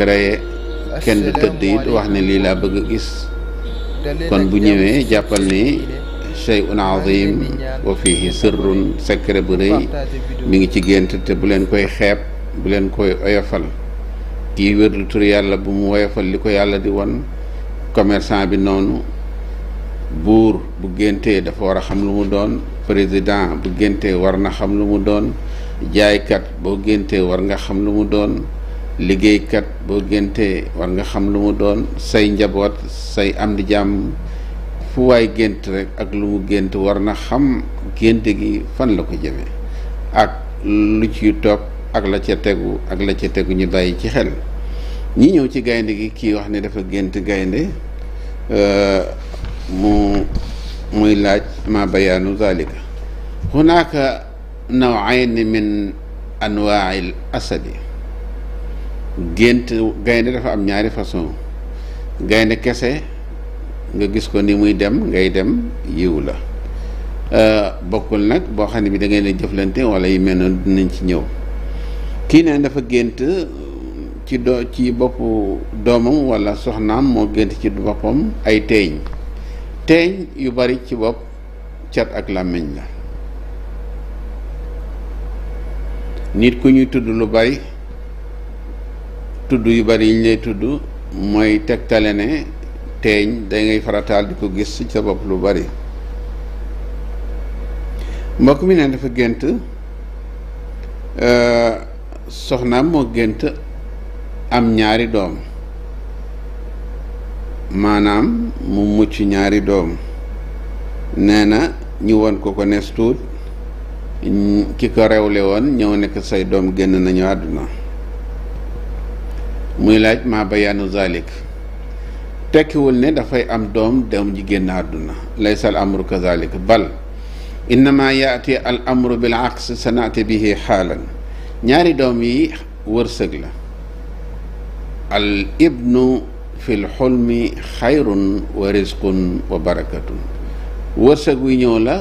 créé kenn du tëdd it wax ne lii laa bëgg a gis kon bu ñëwee jàppal ni shay'un azim wa fihi sirrun secret bu rëy mi ngi ci gént te bu leen koy xeeb bu leen koy oyofal kii wérlu tur yàlla bu mu woyofal li ko yàlla di won commerçant bi noonu buur bu géntee dafa war a xam lu mu doon président bu géntee war na xam lu mu doon jaaykat boo géntee war nga xam lu mu doon liggéeykat boo géntee war nga xam lu mu doon say njaboot say am di jàmm fu waay gént rek ak lu mu gént war na xam génte gi fan la ko jëme ak lu ci toog ak la ca tegu ak la ca tegu ñu bàyyi ci xel ñi ñëw ci gaynde gi kii wax ni dafa gént gaynde euh, mu muy laaj ma bayaanu zalika naw nawayni min anwail asadi gént gaynde dafa am ñaari façon gaynde kese nga gis ko ni muy dem ngay dem yiw la euh, bokkul nag boo xam ne bi dangay ngay ne jëflante wala yi mel na dinañ ci ñëw kii neen dafa gént ci ci boppu doomam wala soxnaam moo gént ci boppam ay teeñ teeñ yu bari ci bopp cat ak làmmiñ la nit ku ñuy tudd lu bari tudd yu bari yi ñu lay tudd mooy tegtale ne teeñ dangay farataal di ko gis ci sa bopp lu bari mbokk mi ne dafa gént euh, soxnaam moo gént am ñaari doom maanaam mu mucc ñaari doom nee na ñu won ko ko nees tuut ki ko rewle woon ñëw nekk say doom génn nañu àdduna muy laaj maa bayaanu zalik tekkiwul ne dafay am doom doom ji génn àdduna laysa al amru kazalik bal innama yaati al amru bil aks sanaati bihi xaalan ñaari doom yi wërsëg la al ibnu fi l xulmi xayrun wa risqun wa barakatun wërsëg wi ñëw la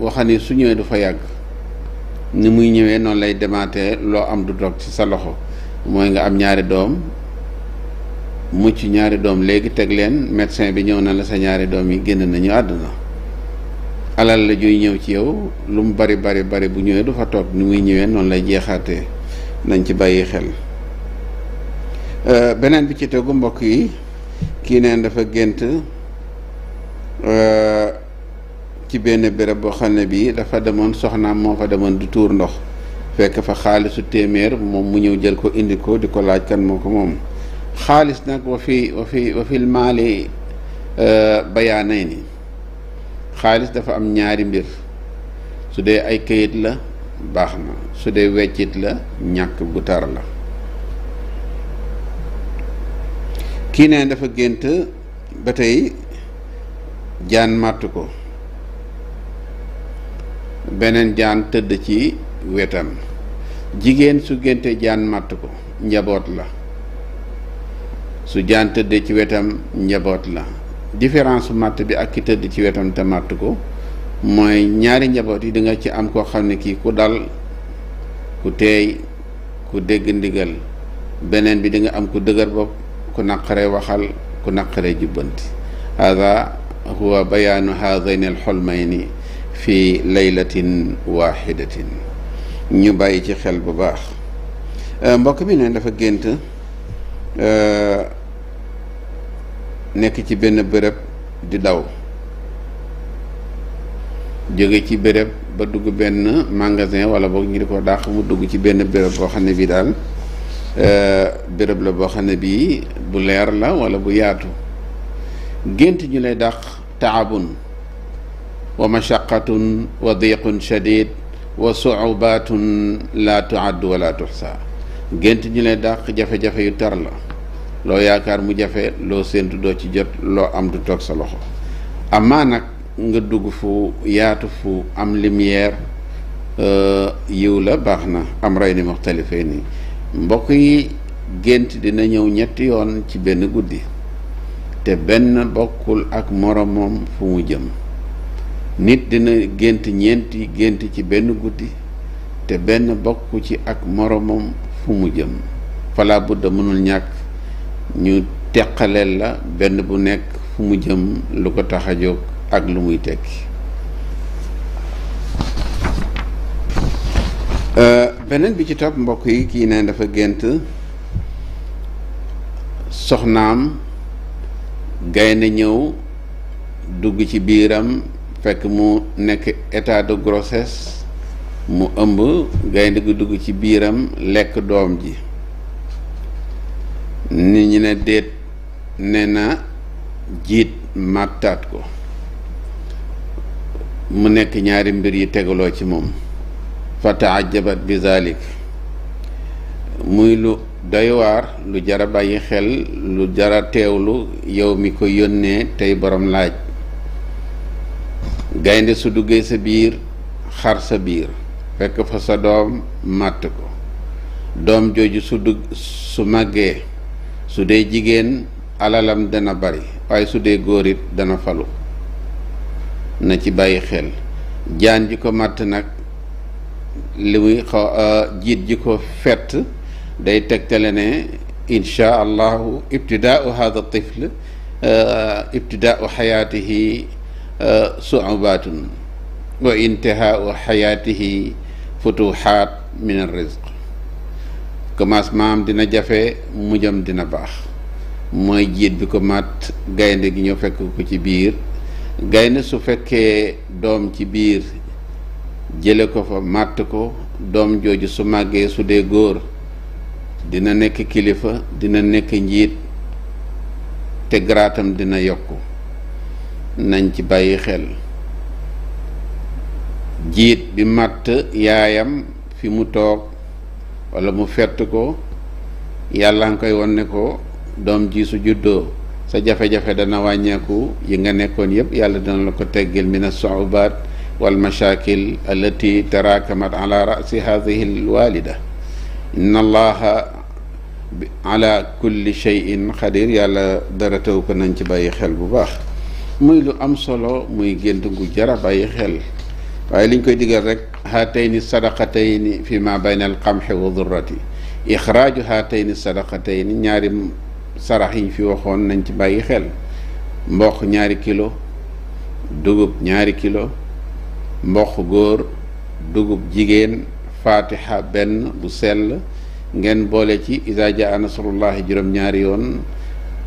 waxani su ñëwee du fa yàgg ni muy ñëwee noonu lay demaatee loo am du dog ci sa loxo mooy nga am ñaari doom mucc ñaari doom léegi teg leen médecin bi ñëw na la sa ñaari doom yi génn nañu àdduna alal la juy ñëw ci yow lu mu bari bari bari bu ñëwee du fa toog ni muy ñëwee noonu lay jeexaate nañ ci bàyyi xel euh, beneen bi ci tegu mbokk yi kii neen dafa gént euh, ci benn béréb boo xam ne bii dafa demoon soxnaam moo fa demoon du tuur ndox fekk fa xaalisu téeméer moom mu ñëw jël ko indi ko di ko laaj kan moo ko moom xaalis nag wa fi wa fi wa fil maali euh, bayaanay ni xaalis dafa am ñaari mbir su dee ay këyit la baax na su dee weccit la ñàkk bu tar la kii ne dafa gént ba tey jaan màtt ko beneen jaan tëdd ci wetam jigéen su génte jaan matt ko njaboot la su jaan tëddee ci wetam njaboot la différence matt bi ak ki tëdd ci wetam te màtt ko mooy ñaari njaboot yi di ci am koo xam ne kii ku dal ku teey ku dégg ndigal beneen bi di am ku dëgër bopp ku naqare waxal ku naqare jubbanti hada huwa bayaanu hadayn alxolmayni fi laylatin waxidatin ñu bàyyi ci xel bu baax mbokk mi ne dafa gént nekk ci benn bërëb di daw jóge ci bërëb ba dugg benn magasin wala boog ñu di ko dàq mu dugg ci benn bërëb boo xam ne bii daal bërëb la boo xam ne bii bu leer la wala bu yaatu gént ñu lay dàq taabun wa mashaqatun wa diqun shadid wa suubatun laa tuaddu wala tuxsa gént ñu ne dàq jafe-jafe yu tar la loo yaakaar mu jafe loo séentu doo ci jot loo am du toog sa loxo amaa nag nga dugg fu yaatu fu am lumière euh, yiw la baax na am rey ni muxtalife nii mbokk yi gént dina ñëw ñetti yoon ci benn guddi te benn bokkul ak moroomam fu mu jëm nit dina gént ñeenti gént ci benn guddi te benn bokk ci ak moromam fu mu jëm fala budda mënul ñàkk ñu teqaleel la benn bu nekk fu mu jëm lu ko tax a jóg ak lu muy tekki euh, beneen bi ci topp mbokk yi kii ne dafa gént soxnaam gaynde ñëw dugg ci biiram fekk mu nekk état de grossesse mu ëmb gaynde gi dugg ci biiram lekk doom ji nit ñi ne déet ne na jiit màttaat ko mu nekk ñaari mbir yi teguloo ci moom fa taajabat bi zalik muy lu doy lu jara bàyyi xel lu jara teewlu yow mi ko yónnee tey boroom laaj gaynde su duggee sa biir xar sa biir fekk fa sa doom màtt ko doom jooju su dugg su màggee su dee jigéen alalam dana bari waaye su dee góor it dana falu na ci bàyyi xel jaan ji ko màtt nag li jiit ji ko fett day tegtale ne insha allahu ibtidaau hada tifl ibtidaau xayaatihi su'ubaatun wa intihaau xayaatihi futuxaat min arrisq commencement am dina jafe mujjam dina baax mooy jiit bi ko mat gaynde gi ñoo fekk ko ci biir gaynde su fekkee doom ci biir jële ko fa màtt ko doom jooju su màggee su dee góor dina nekk kilifa dina nekk njiit te garaatam dina yokk nañ ci bàyyi xel jiit bi màtt yaayam fi mu toog walla mu fett ko yàlla nga koy won ne ko doom ji su juddoo sa jafe-jafe dana wàññeeku yi nga nekkoon yëpp yàlla dana la ko teggil min as-su'ubat wal mashakil allati taraakamat ala ra'si hadhihi al-walida inna allaha ala kulli shay'in qadir yàlla dara taw ko nañ ci bàyyi xel bu baax muy lu am solo muy gént gu jara bàyyi xel waaye liñ koy digal rek haatayni sadaqatayni fi ma bayna al qamxi wa durrati ixraaju haatayni sadaqatayni ñaari sarax yiñ fi waxoon nañ ci bàyyi xel mboq ñaari kilo dugub ñaari kilo mboq góor dugub jigéen fatiha benn bu sell ngeen boole ci iza jaa nasrullahi juróom ñaari yoon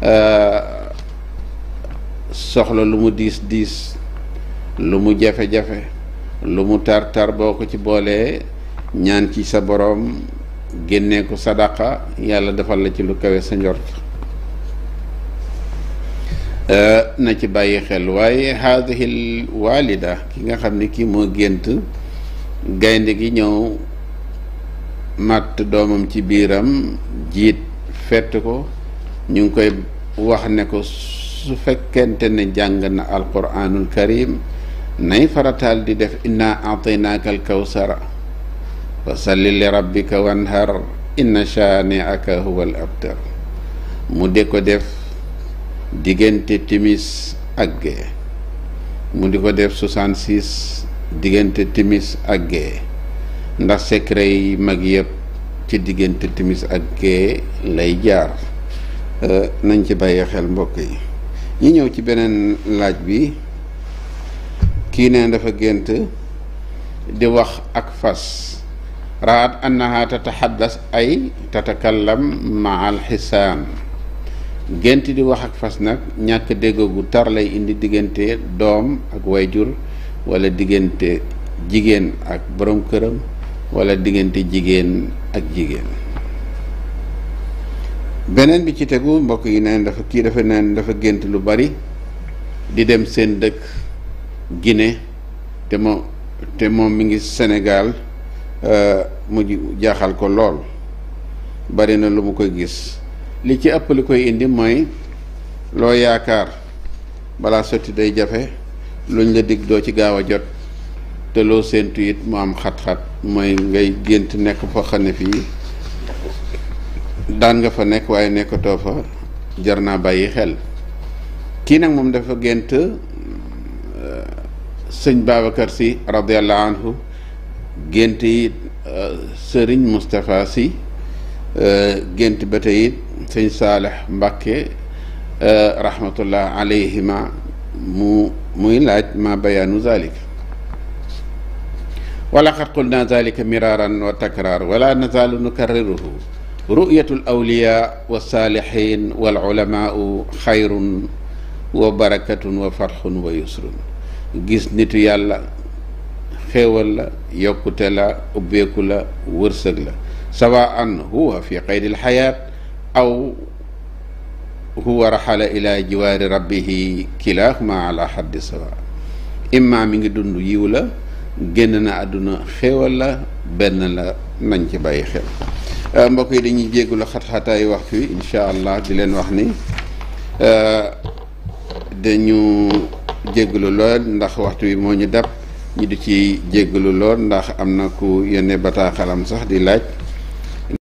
euh, soxla lu mu diis diis lu mu jafe-jafe lu mu tar-tar boo ko ci boolee ñaan ci sa boroom génnee ko sadaqa yàlla defal la ci lu kawe sa njort euh, na ci bàyyi xel waaye haadihil walida ki nga xam ne kii moo gént gaynde gi ñëw màtt doomam ci biiram jiit fett ko ñu ngi koy wax ne ko su fekkente ne jàng na alquranul karim nay faratal di def inna ataynaaka alkawsara fa salli li rabbika wanhar inna shaani'aka huwa abtar mu ko def diggante timis ak gee mu di ko def 66 diggante timis ak gee ndax secret yi mag yëpp ci timis ak lay jaar euh, nañ ci xel mbokk yi ñi ñëw ci beneen laaj bi kii neen dafa gént di wax ak fas raat annaha tataxaddas ay tatakallam maa alxisaan gént di wax ak fas nag ñàkk dégg gu tar lay indi diggante doom ak wayjur wala diggante jigéen ak boroom këram wala diggante jigéen ak jigéen beneen bi ci tegu mbokk yi neen dafa kii dafa neen dafa gént lu bari di dem seen dëkk gine te moom te moom mi ngi Sénégal euh, mu jaaxal ko lool bari na lu mu koy gis li ci ëpp li koy indi mooy loo yaakaar balaa sotti day jafe luñ la dig doo ci gaaw a jot te loo séentu it mu am xat-xat mooy ngay gént nekk foo xam ne fii daan nga fa nekk waaye nekkatoo fa jar naa bàyyi xel kii nag moom dafa gént euh, sëñ Babacar si radiallahu anhu gént yi euh, sëriñ Moustapha si euh, gént ba tey it sëñ Saalex Mbàkke rahmatullah alayhima mu muy laaj ma bayaanu zalik wala xat qul naa zalika miraran wa takrar wala nazalu nukarriruhu رؤية الأولياء والصالحين والعلماء خير وبركة وفرح ويسر جس نتو يالا خيوالا يوكتلا أبيكولا ورسغلا سواء هو في قيد الحياة أو هو رحل إلى جوار ربه كلاهما على حد سواء إما من دون يولا جننا أدنا خيوالا بننا ننجبا يخيوالا Euh, mbokk yi dañuy jéggulu xat-xataay waxtu wi incha allah di leen wax ni euh, dañu jéggulu lool ndax waxtu wi moo ñu dab ñu di ci jéggulu lool ndax am na ku yónnee bataaxalam sax di laaj